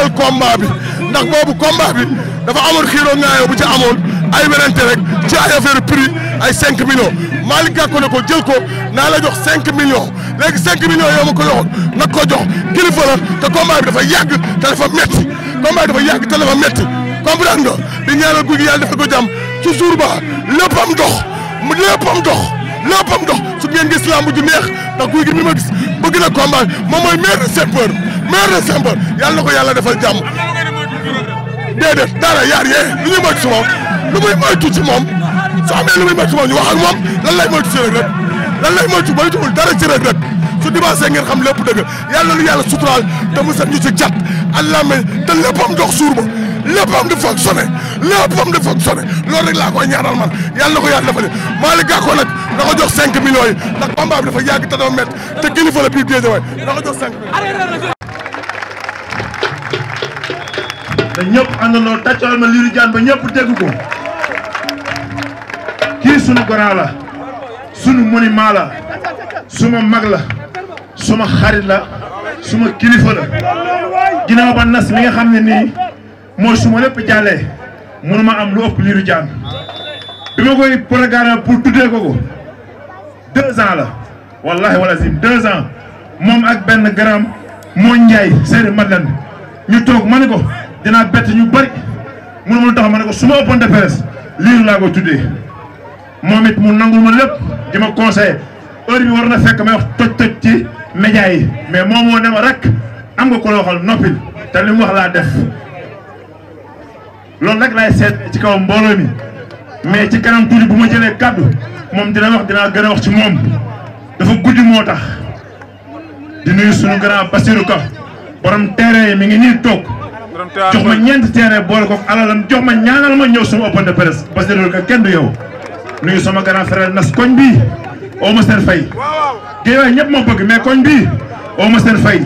waral combat ndax boobu combat bi dafa amoon xiiroo ngaayoo bu ci amoon ay werante rek ci ay affaire prix ay 5 millions Malick Gakou ne ko jël ko naa la jox 5 millions léegi 5 millions yow ko joxoon nag ko jox kilifa la te combat bi dafa yàgg te dafa metti combat bi dafa yàgg te dafa metti comprendre nga di ñaanal guy gi yàlla dafa ko jàmm ci jour ba léppam dox léppam dox. léppam dox su ngeen gis lamb ju neex ndax guy gi mi ma gis bëgg na combat moom mooy maire de Saint-Peur maire de Saint-Peur yàlla na ko yàlla defal jàmm. déedéet dara yaar yee lu ñuy moytu si moom lu muy moytu ci moom soo amee lu muy moytu si moom ñu wax ak moom lan lay moytu si lay moytu moytuwul dara ci rek rek su dimanche ngeen xam lépp dëgg yàlla lu yàlla suturaal te mu set ñu ci jàpp allah me te léppam dox suur ba léppam di fonctionné léppam di fonctionné loolu rek laa koy ñaanal man yàlla ko yàlla defal maa li na ko jox 5 millions yi ndax combat bi dafa yàgg te dafa métti te kilifa la biir Guédiawaye na ko jox 5 millions. te ñëpp àndandoo tàccal ma Lirou Diane ba ñëpp dégg ko kii sunu grand la sunu monument la suma mag la suma xarit la suma kilifa la ginnaaw ba nas mi nga xam ne nii mooy suma lépp jàllee mënuma am lu ëpp Lirou Diane bi ma koy programme pour tuddee ko ko deux ans la wallahi wala si deux ans moom ak benn garaam moo Ndiaye Seydou Madeleine ñu toog ma ne ko dinaa bett ñu bëri mu ne tax ma ne ko su de presse lii laa ko tuddee moom it mu nangul ma lépp di ma conseillé heure bi war na fekk may wax toj toj ci média yi mais moom moo ne ma rek am nga ko loo noppil te li wax laa def loolu rek laay seet ci kaw mbooloo mi mais ci kanam tuuti bu ma jëlee kàddu moom dina wax dinaa gën a wax ci moom dafa guddi moo tax di nuyu suñu grand Basirou Ka borom terrain yi mi ngi nii toog jox ma ñeenti terrain boole ko alalam jox ma ñaanal ma ñëw suma open de presse Ka kenn du yow nuyu sama grand frère nas koñ bi oo ma seen fay géewaay ñëpp ma bëgg mais koñ bi oo seen fay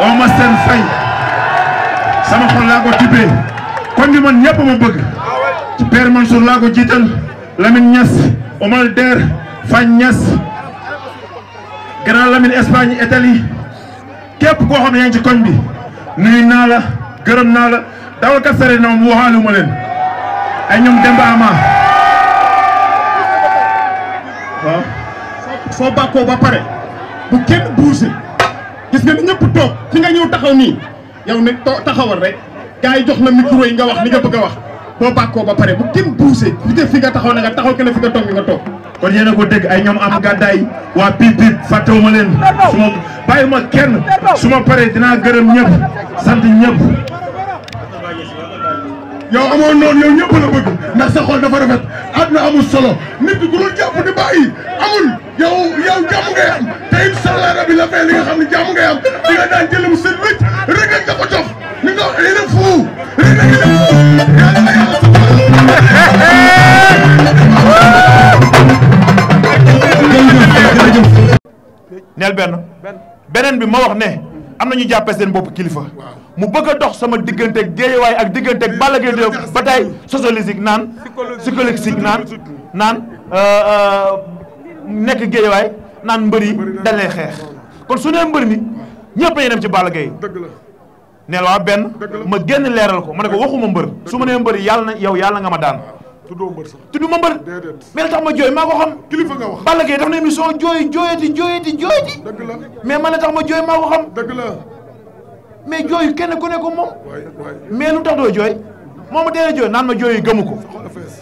oo seen fay sama xol laa ko tibbee koñ bi man ñëpp ma bëgg ci ah Père laa ko jiital Lamine ñas Omar Der Fagne Niass Grand Lamine Espagne Italie képp koo xam ci koñ bi nuyu naa la gërëm naa la dawalkat sare na moom waxaalu ma leen ay ñoom Demba Ama waaw soo bàkkoo ba pare bu kenn bougé gis nga ni ñëpp toog fi nga ñëw taxaw nii yow ne taxawal rek gars yi jox na micro yi nga wax li nga wax boo bàkkoo ba pare bu kenn buuse fi nga taxaw na nga taxaw kenn fi nga toog nga toog. kon yéen a dégg ay ñoom am gàddaay waa piip piip fàttewuma leen su ma bàyyi ma kenn su ma paree dinaa gërëm ñëpp sant ñëpp. yow amoon noonu yow ñëpp la bëgg ndax sa xol dafa rafet àdduna amul solo nit ku dul jàpp di bàyyi amul yow jàmm ngay am te incha allah rabi la fee li nga xam ne jàmm ngay am di daan jëlee seen wécc rek nga ko jox ni nga wax yéen a fuu rek nga neel benn beneen bi ma wax ne am na ñu jàppee seen bopp kilifa mu bëgg a dox sama diggante géejewaay ak diggante ak Balla Gaye def ba tey sociologique naan psychologique naan naan euh, euh, nekk géejewaay naan mbër yi dañ xeex kon su nee mbër mi ñëpp a dem ci Balla Gaye neel waaw benn ma génn leeral ko ma ne ko waxuma mbër su ma nee mbër yàlla na yow yàlla nga ma daan tuddoo mbër sax tudduma mbër déedéet tax ma jooy maa ko xam kilifa nga wax Balla Gaye def na émission jooy jooyati jooyati jooyati dëgg mais man la tax ma jooy maa ko xam dëgg la mais jooyu kenn ku ne ko moom mais lu tax doo jooy moom ma deena jooy naan ma jooyu gëmu ko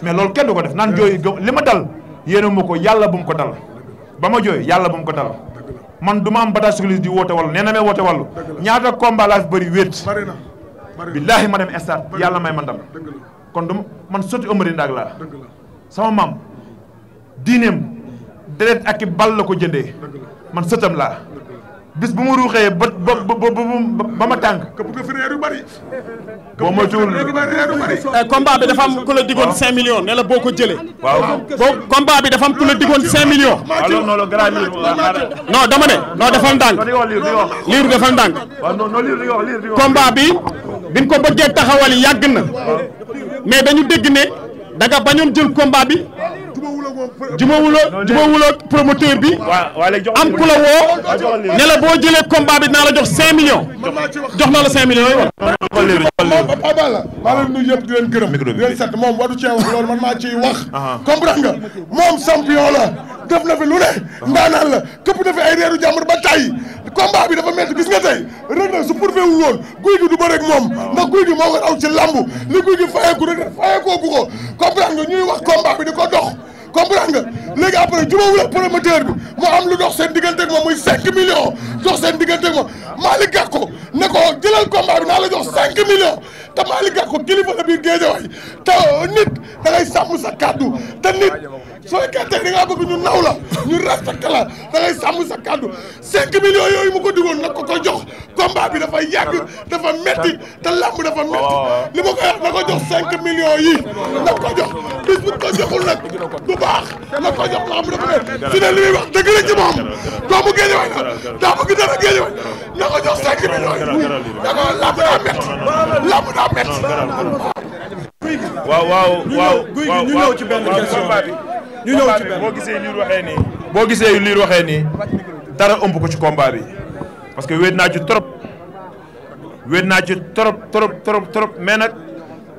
mais loolu kenn du ko def naan jooyu li ma dal yéene ma ko yàlla bu mu ko dal ba ma jooy yàlla bu mu ko dal man du ma am bata suklis di woote wàllu nee na may woote wàllu ñaata combat laa fi billaahi ma dem stade yàlla may ma ndam kon du man sotti Omari Ndak laa sama maam diineem deret ak i bal la ko jëndee man sëtam laa bis bu ma ruuxee ba ba ba ba ma tàng. këpp ko fi reer yu bari. boo ma tuul eh, combat bi dafa am ku la digoon 5 millions la boo ko jëlee. waaw bi dafa am ku la digoon 5 millions. waaw loolu noonu grand liir non dama ne non defal ndànk. liir defal ndànk. waaw non liir di wax liir di bi biñ ko bëggee taxawal yàgg na mais dañu dégg ne da bañoon jël combat bi. jubóowuloo jubóowuloo promoteur bi. am ku la woo. ne la boo jëlee naa la jox 5 millions. jox na la 5 millions yooyu. moom Papa la maa leen nuyu yëpp di leen gërëm. di leen sant moom wax loolu moom champion la. def na fi lu ne ah. ndaanaan la këpp na fi ay reeru jàmbur ba tàyyi combat bi dafa métti gis nga tey Reug Reug su wu woon guy gi du bëre ak moom ah. ndax guy gi moo ko aw ci lambu li guy gi fayeeku Reug Reug fayeekoogu ko comprendre nga ñuy wax combat bi di ko dox comprendre nga léegi après jubóobu la promoteur bi mu am lu dox seen diggante ak moom muy 5 millions dox seen diggante ak moom Malick Gakou ne jëlal combat naa la jox 5 millions te Malick Gakou kilifa la biir Géejawaay te euh, nit da ngay sa kàddu te nit soo gàttee da a bëgg ñu naw ñu respecté la da ngay sàmm sa kàddu 5 millions yooyu mu ko digoon nag ko ko jox combat bi dafa yàgg dafa metti te làmb dafa metti oh, oh, oh. li ma ko wax na jox si ne li muy wax dëgg la ci moom doomu géej waay daa bëgg dara géej waay na ko daa métti làmb daa métti waaw waaw waaw guy gi ñu ñëw ci benn ñu ñëw ci benn boo gisee liir waxee nii boo gisee liir waxee nii dara ëmb ko ci combat bi parce que wéet naa ci trop wéet naa trop trop trop trop mais nag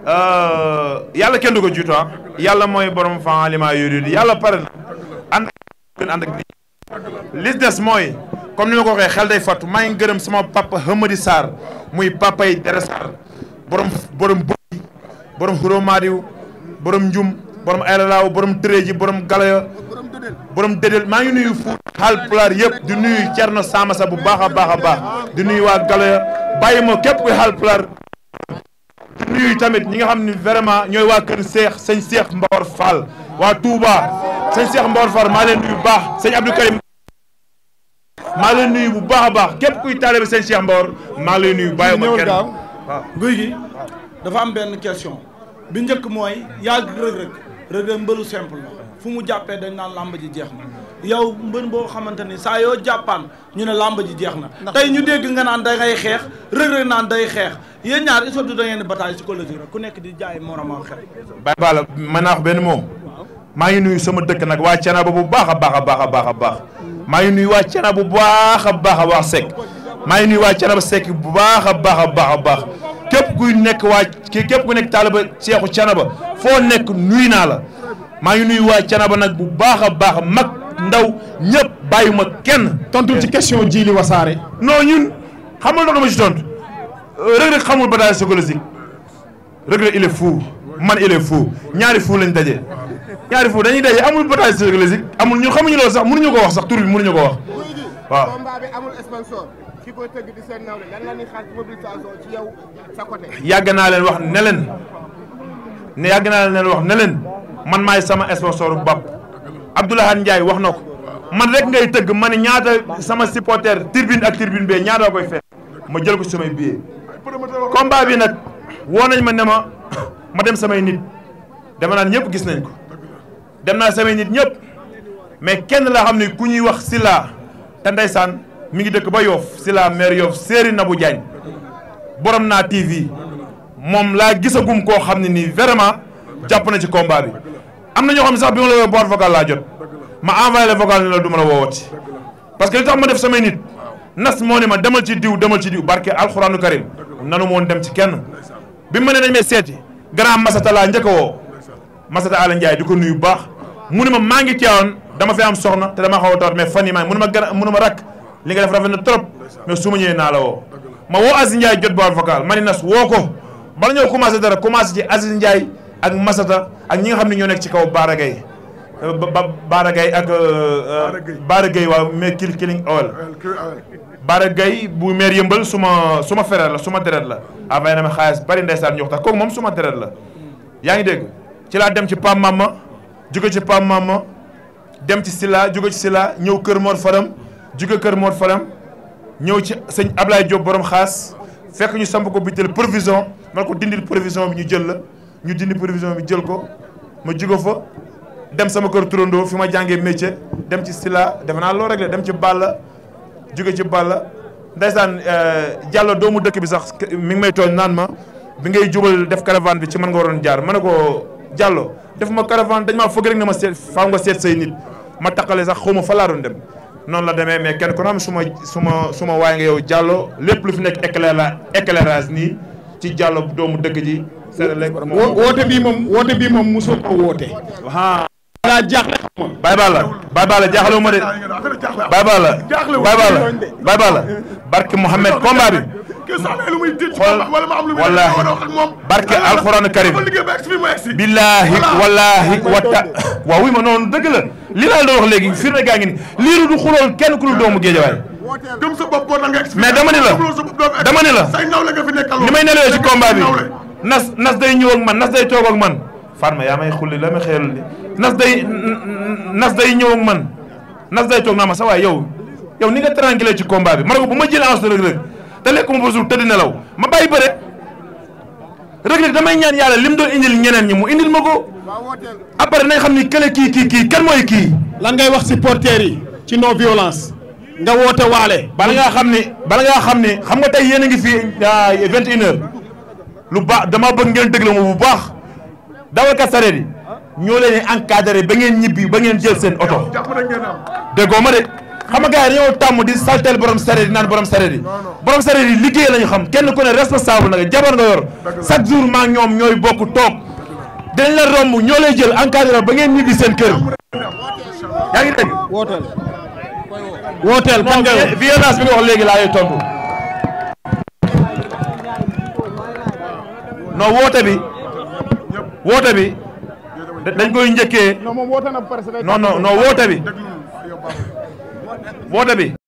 euh, yàlla kenn du ko jiitu ah. yàlla mooy borom fan aliment yooyu yàlla pare ngeen ànd ak li des mooy comme ni ma ko waxee xel day fàttu maa ngi gërëm sama papa Hamadi Sarr muy papa yi Dere Sarr borom borom Boy borom Xuromaadiw borom Njum borom Ayralaaw borom Tëreji borom Galaya borom Dédel maa ngi nuyu Fuuta Haalpulaar yëpp di nuyu Cerno Samasa bu baax a baax a baax di nuyu waa Galaya bàyyi ma képp kuy Haalpulaar di nuyu tamit ñi nga xam ni vraiment ñooy waa kër Seex Seex Mbawar Fall waa Touba. sëñ Cheikh Mbor Far maa leen nuyu bu baax sëñ Abdou Karim maa leen nuyu bu baax a baax képp kuy taalibe sëñ Cheikh Mbor maa leen nuyu bàyyi ma kenn gaaw guy gi dafa am benn question bi njëkk mooy yàgg rëg-rëg mbëru simple la fu mu jàppee dañ naan làmb ji jeex na yow mbër boo xamante ni saa yoo jàppaan ñu ne làmb ji jeex na tey ñu dégg nga naan da ngay xeex rëg-rëg naan day xeex yéen ñaar il faut da ngeen di bataille psychologique rek ku nekk di jaay moromam xel bay bala benn moom maa ngi nuyu sama dëkk nag waa Thiénaba bu baax a baax a baax a baax a baax maa ngi nuyu waa Thiénaba bu baax a baax a baax Seck maa ngi nuyu waa Thiénaba Seck bu baax a baax a baax a baax képp kuy nekk waa képp ku nekk taaliba Seexu Thiénaba foo nekk nuyu naa la maa ngi nuyu waa Thiénaba nag bu baax a baax mag ndaw ñëpp bàyyuma kenn. tontu ci question ji li wasaare. non ñun xamul ndox ma ci tontu Reug Reug xamul bataille psychologique Reug Reug il est fou man il est fou ñaari fou lañ daje. ñaari fu dañuy daje amul bataille psychologique amul ñun xamuñu loolu sax mënuñu ko wax sax tur bi mënuñu ko wax waaw. combat bi amul sponsor ki koy tëgg di seen nawle lan la ñuy xaar ci mobilisation ci yow sa côté. yàgg naa leen wax ne leen ne yàgg naa leen wax ne leen man maay sama sponsor bu bopp Abdoulaye Ndiaye wax na ko man rek ngay tëgg man ñaata sama supporter tribune ak tribune bee ñaata koy fekk ma jël ko ci samay billets. baa bi nag woo nañ ma ne ma ma dem samay nit dama naan ñëpp gis nañ ko. dem naa samay nit ñëpp mais kenn laa xam ne ku ñuy wax si laa te ndeysaan mu ngi dëkk ba Yoff Silla maire Yoff na bu Diagne borom naa TV moom laa gisagum koo xam ne nii vraiment jàpp na ci combat bi. am na ñoo xam ne sax bi ma la woowee boîte vocale laa jot ma envoyé la vocal ne la du ma la woowooti parce que li tax ma def samay nit nas moo ne ma demal ci diw demal ci diw barke alxuraanu karim nanu moon dem ci kenn bi ma ne dañ may seeti grand masata laa njëkk woo Masata Ala Ndiaye di ko nuyu bu baax mu ne ma maa ngi teewoon dama fi am soxna te dama xaw a tawat mais fan yi maa mu ne ma gara mu ne ma rakk li nga def rafet na trop mais su ma ñëwee naa la woo ma woo Aziz Ndiaye jot bool vocal ma ne nas woo ko bala ñoo commencé dara commencé ci Aziz Ndiaye ak Masata ak ñi nga xam ne ñoo nekk ci kaw Baara Gaye Baara Gaye ak euh, Baara Gaye waaw mais kil kiling owel Baara Gaye bu meer yëmbal su ma su ma frère la su ma deret la avant na ma xaalis bari ndeysaan ñu waxtaan kooku moom su ma la yaa ngi dégg ci laa dem ci Pam ma jóge ci Pam ma dem ci silaa jóge ci Sila ñëw Kër Mor Faram jóge Kër Mor Faram ñëw ci sëñ ablaay Diop borom xaas fekk ñu samp ko butéel provision man ko dindil provision bi ñu jël la ñu dindi provision bi jël ko ma jóge fa dem sama kër turandoo fi ma jàngee métier dem ci Sila defe naa loo réglé dem ci Balla jóge ci Balla ndaysaan euh, Diallo doomu dëkk bi sax mi ngi may tooñ naan ma bi ngay jubal def caravane bi ci man nga jaar ma ne ko Diallo def ma caravane dañ maa foog rek ne ma seet faaw nga seet say nit ma taqale sax xaw ma fa laa doon dem noonu la demee mais kenn ku ne am su ma su ma su ma waay nga yow jàllo lépp lu fi nekk éclairage éclairage nii ci Diallo doomu dëkk ji. wo woote bii moom woote bii moom mosoo ko woote. waaw. balaa jaaxle xam nga. Baye Balla Baye Balla jaaxle wu ma de. Baye Balla Baye Balla Baye Balla barke Mouhamed bi. xool barke alxuraanu karim billaahi wallaahi wata waaw wuy ma noon dëgg la li laa doon wax léegi firnde gaa ngi ni liiru du xulool kenn ku dul doomu géejawaay mais dama ni la dama ni la ni may nelawee ci combat bi nas nas day ñëw ak man nas day toog man Fatma yaa may xulli la ma xeelul li nas day nas ñëw ak man nas day toog naa ma sa waay yow yow ni nga tranquille ci combat bi ma ne bu ma jël avance rek rek te lekk ma ba suur tëdd nelaw ma bàyyi bëre Reug Reug damay ñaan yàlla lim doon indil ñeneen ñi mu indil ma ko après nañ xam ni kële kii kii kii kan mooy kii. lan ngay wax supporters yi ci non violence. nga woote waale. bala ngaa xam ni bala ngaa xam ni xam nga tey yéen a ngi fi vingt et une lu baax dama bëgg ngeen déglu ma bu baax dawalkat sareet yi ñoo leen di encadré ba ngeen ñibbi ba ngeen jël seen oto déggoo ma de. xam nga gars yi dañoo tàmm di saltel borom sareet yi naan borom sareet yi borom sareet yi liggéey lañu xam kenn ku ne responsable nag jabar nga yor chaque jour maa ñoom ñooy bokk toog dañ la romb ñoo lay jël encadré ba ngeen ñibbi seen kër yaa ngi dégg wooteel wooteel kan bi nga wax léegi laa lay tontu non woote bi woote bi dañ koy njëkkee non non non woote bi woote bi